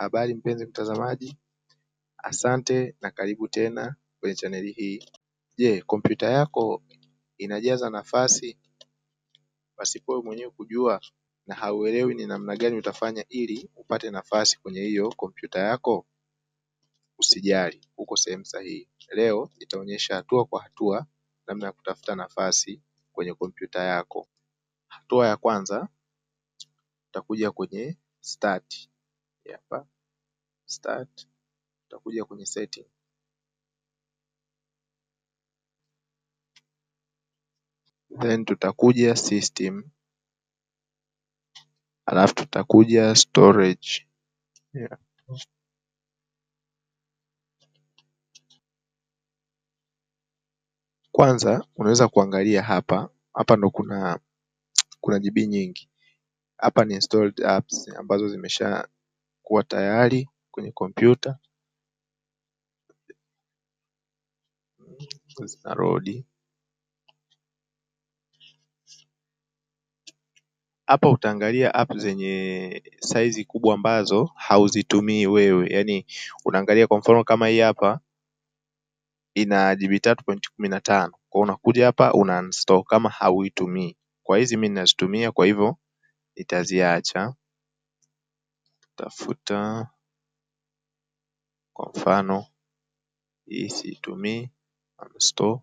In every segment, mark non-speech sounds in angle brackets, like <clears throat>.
Habari mpenzi mtazamaji, asante na karibu tena kwenye chaneli hii. Je, kompyuta yako inajaza nafasi pasipo wewe mwenyewe kujua na hauelewi ni namna gani utafanya ili upate nafasi kwenye hiyo kompyuta yako? Usijali, uko sehemu sahihi. Leo nitaonyesha hatua kwa hatua namna ya kutafuta nafasi kwenye kompyuta yako. Hatua ya kwanza utakuja kwenye start ya pa start utakuja kwenye setting then tutakuja system alafu tutakuja storage yeah. Kwanza unaweza kuangalia hapa hapa ndo kuna kuna GB nyingi hapa ni installed apps ambazo zimesha kuwa tayari kwenye kompyuta zina Hapa utaangalia app zenye saizi kubwa ambazo hauzitumii wewe, yaani unaangalia kwa mfano kama hii hapa ina GB 3.15 kwa unakuja hapa una uninstall kama hauitumii. Kwa hizi mimi ninazitumia kwa hivyo nitaziacha kutafuta kwa mfano hii siitumii amestore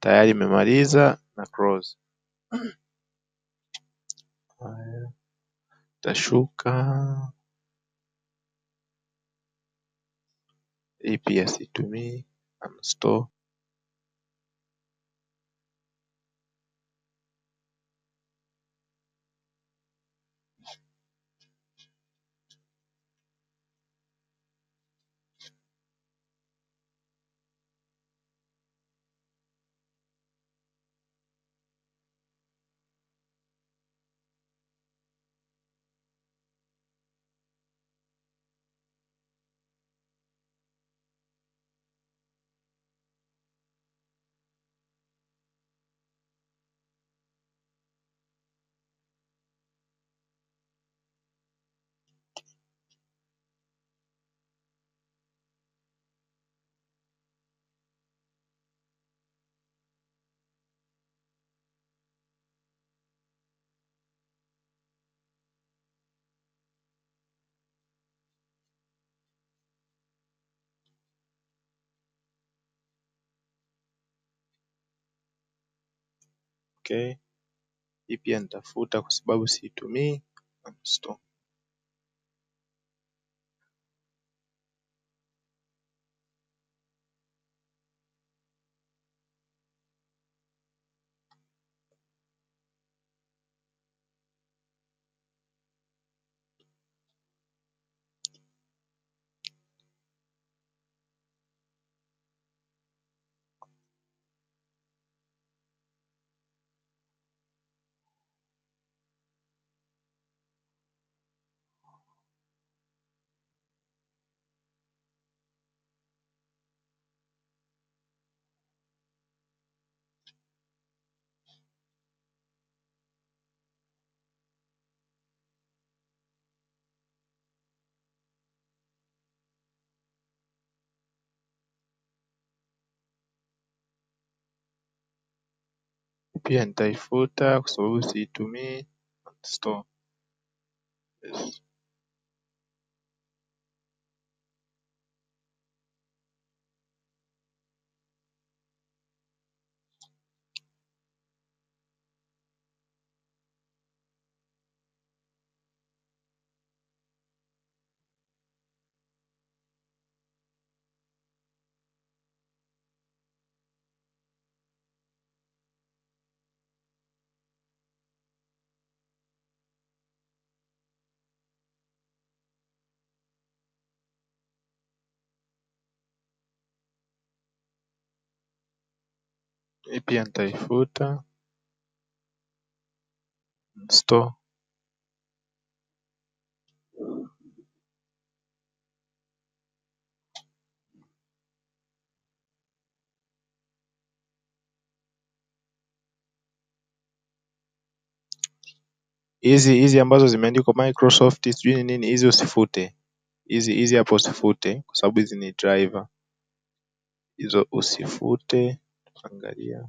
tayari imemaliza na cross haya tashuka hii pia situmii unstore Okay. Hii pia nitafuta kwa sababu siitumii. Pia nitaifuta kwa sababu siitumii uninstall Hii pia nitaifuta Store Hizi hizi ambazo zimeandikwa Microsoft sijui ni nini hizi usifute. Hizi hizi hapo usifute kwa sababu hizi ni driver. Hizo usifute kuangalia.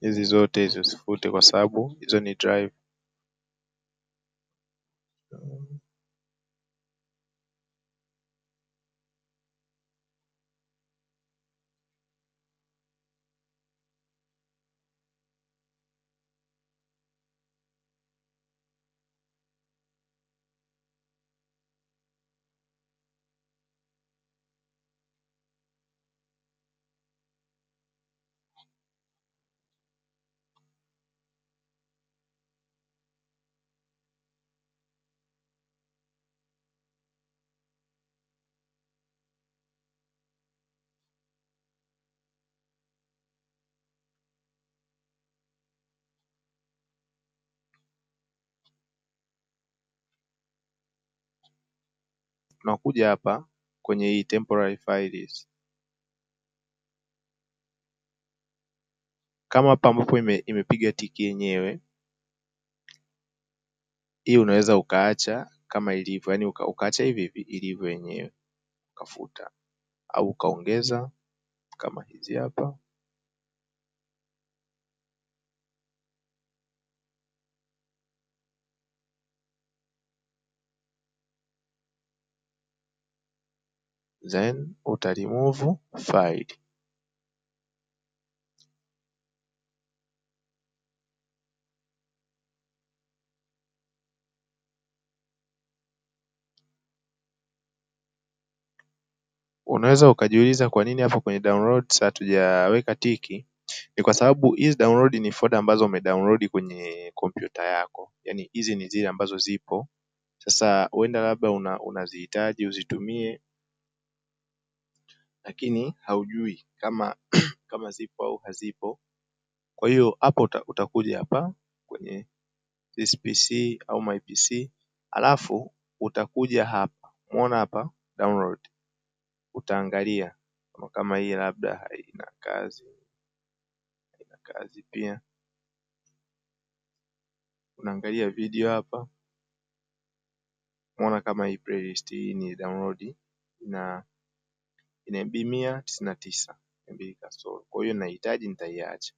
Hizi zote usizifute kwa sababu hizo ni drive tunakuja hapa kwenye hii temporary files kama hapa ambapo ime, imepiga tiki yenyewe hii unaweza ukaacha kama ilivyo, yani uka, ukaacha hivi hivi ilivyo yenyewe ukafuta au ukaongeza kama hizi hapa then uta remove file Unaweza ukajiuliza kwa nini hapo kwenye downloads hatujaweka tiki, ni kwa sababu hizi download ni folder ambazo umedownload kwenye kompyuta yako, yaani hizi ni zile ambazo zipo sasa huenda labda unazihitaji uzitumie lakini haujui kama <clears throat> kama zipo au hazipo. Kwa hiyo hapo utakuja hapa kwenye this PC au my PC, alafu utakuja hapa, umeona hapa download, utaangalia kama kama hii labda haina kazi, haina kazi pia unaangalia video hapa, umeona kama hii playlist hii ni download ina ina mia tisini na tisa MB kasoro. Kwa hiyo nahitaji nitaiacha.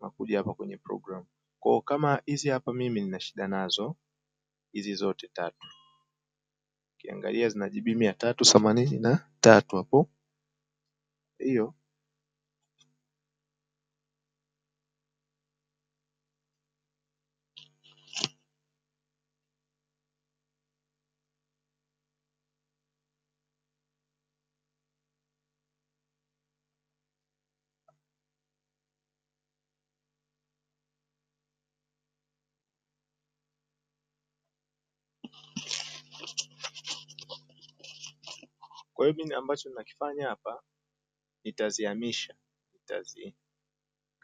Nakuja hapa kwenye program. Kwa kama hizi hapa mimi nina shida nazo hizi zote tatu. Ukiangalia zina GB mia tatu themanini na tatu hapo. Hiyo Kwa hiyo mimi ambacho nakifanya hapa, nitazihamisha, nitazi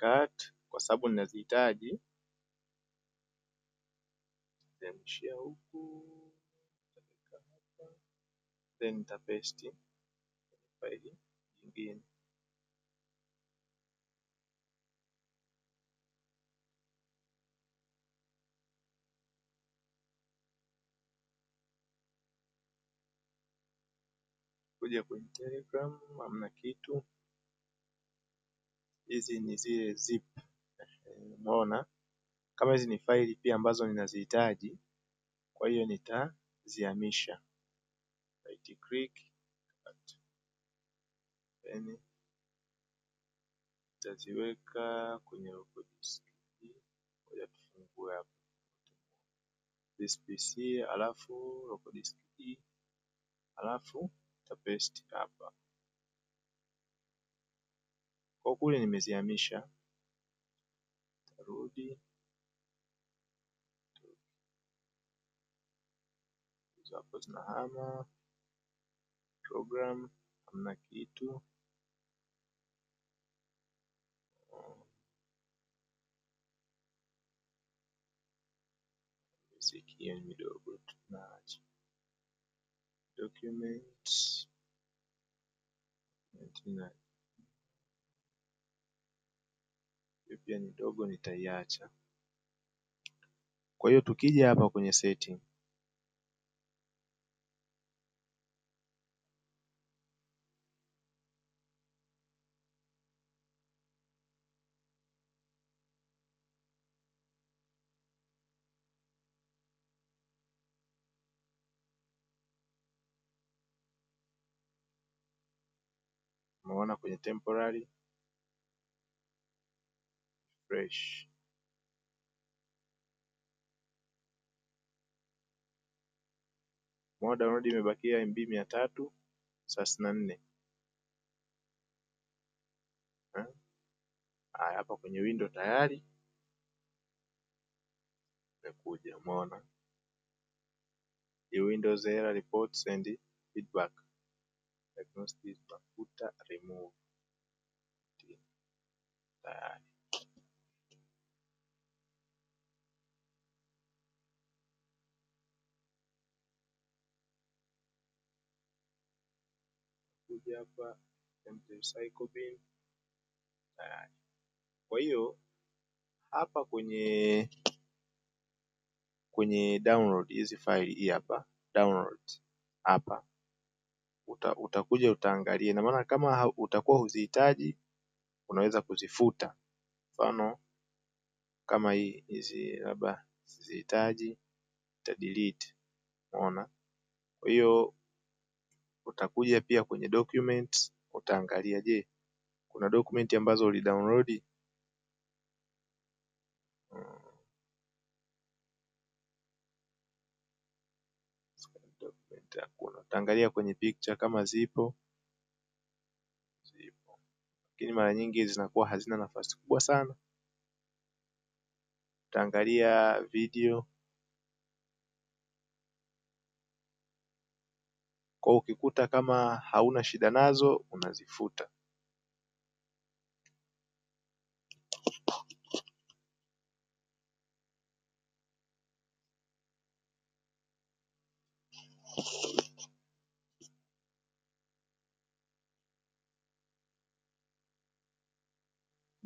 cut kwa sababu ninazihitaji. Nitahamishia huku, nitaweka hapa, then kwenye faili nyingine. kuja kwenye telegram hamna kitu. Hizi ni zile zip eh, umeona, kama hizi ni faili pia ambazo ninazihitaji, kwa hiyo nitazihamisha. Right click then nitaziweka kwenye tufungue this PC, alafu local disk alafu the best hapa. Kwa kule nimezihamisha, tarudi hizo hapo zinahama, program hamna kitu miziki hiyo midogo tunaacha documents hiyo pia ni ndogo nitaiacha. Kwa hiyo tukija hapa kwenye setting unaona kwenye temporary fresh More download imebakia MB mia tatu thelathini na nne. Haya hapa kwenye window tayari imekuja umeona. The windows error reports and feedback diagnostic mafuta remover tayari. Kuja hapa mtesaicobin tayari. Kwa hiyo hapa kwenye kwenye download hizi faili hii hapa download hapa utakuja utaangalia. Ina maana kama utakuwa huzihitaji unaweza kuzifuta, mfano kama hii hizi labda sizihitaji ta delete, umeona. Kwa hiyo utakuja pia kwenye document utaangalia je, kuna document ambazo ulidownload utaangalia kwenye picha kama zipo zipo, lakini mara nyingi zinakuwa hazina nafasi kubwa sana. Utaangalia video kwa ukikuta kama hauna shida nazo unazifuta.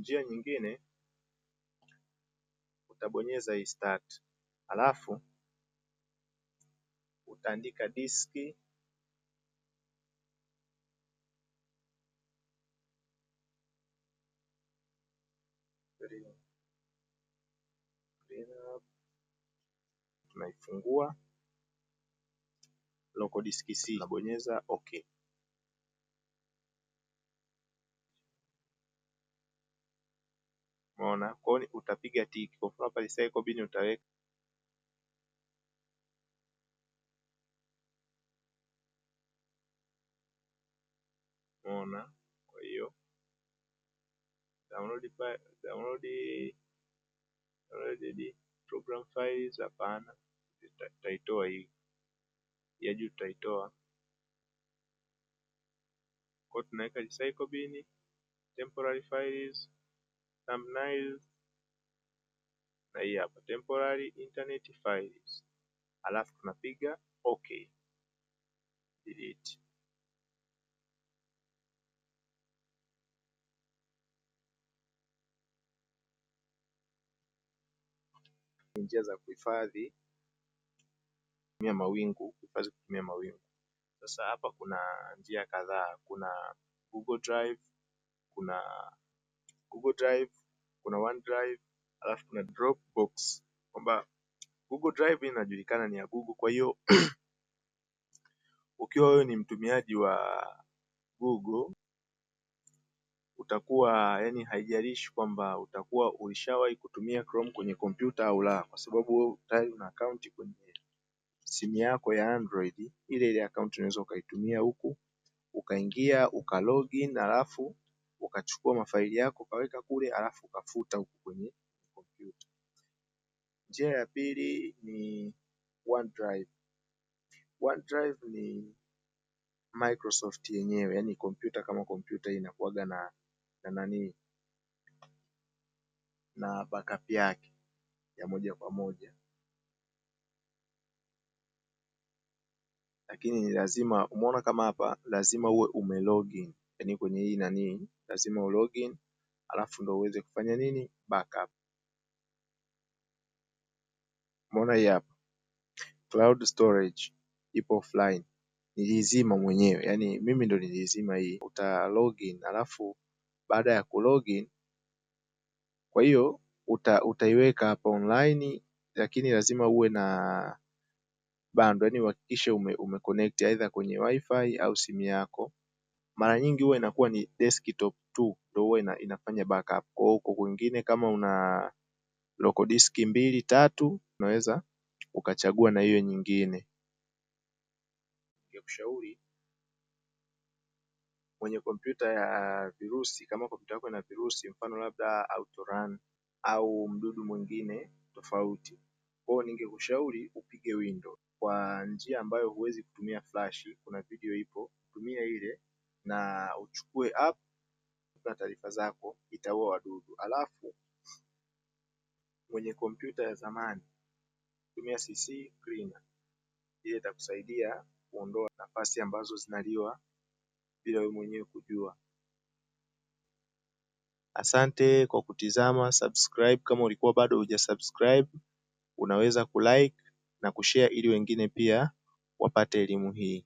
Njia nyingine utabonyeza hii start alafu utaandika diski tunaifungua local disk C unabonyeza OK. umeona kwa hiyo utapiga tiki kwa mfano hapa recycle bin utaweka umeona kwa hiyo download file, download downloaded program files hapana tutaitoa hii ya juu tutaitoa kwa tunaweka recycle bin temporary files thumbnails na hii hapa temporary internet files, alafu tunapiga okay, delete. Njia za kuhifadhi kutumia mawingu, kuhifadhi kutumia mawingu. Sasa hapa kuna njia kadhaa, kuna Google Drive, kuna Google Drive kuna OneDrive alafu kuna Dropbox kwamba Google Drive inajulikana ni ya Google. Kwa hiyo <clears throat> ukiwa wewe ni mtumiaji wa Google utakuwa yani, haijalishi kwamba utakuwa ulishawahi kutumia Chrome kwenye kompyuta au la, kwa sababu wewe tayari una akaunti kwenye simu yako ya Android. Ile ile akaunti unaweza ukaitumia huku ukaingia uka alafu ukachukua mafaili yako ukaweka kule alafu ukafuta huko kwenye kompyuta. Njia ya pili ni OneDrive. OneDrive ni Microsoft yenyewe, yani kompyuta kama kompyuta inakuwaga na na nani na backup yake ya moja kwa moja, lakini ni lazima umeona, kama hapa lazima uwe ume yaani kwenye hii nani lazima ulogin alafu ndo uweze kufanya nini backup. Umeona hii hapa cloud storage ipo offline, nilizima mwenyewe, yaani mimi ndo nilizima hii. Uta login alafu baada ya kulogin, kwa hiyo uta, utaiweka hapa online, lakini lazima uwe na bando, yaani uhakikishe ume, umeconnect aidha kwenye wifi au simu yako mara nyingi huwa inakuwa ni desktop tu ndio huwa inafanya backup. Kwa hiyo huko kwingine kama una local disk mbili tatu, unaweza ukachagua na hiyo nyingine. Ningekushauri mwenye kompyuta ya virusi, kama kompyuta yako ina virusi, mfano labda Autorun au mdudu mwingine tofauti, kwa hiyo ningekushauri upige window kwa njia ambayo huwezi kutumia flash. Kuna video ipo, tumia ile na uchukue app na taarifa zako, itaua wadudu. Alafu mwenye kompyuta ya zamani tumia CC cleaner, ile itakusaidia kuondoa nafasi ambazo zinaliwa bila wewe mwenyewe kujua. Asante kwa kutizama, subscribe kama ulikuwa bado hujasubscribe. Unaweza kulike na kushare ili wengine pia wapate elimu hii.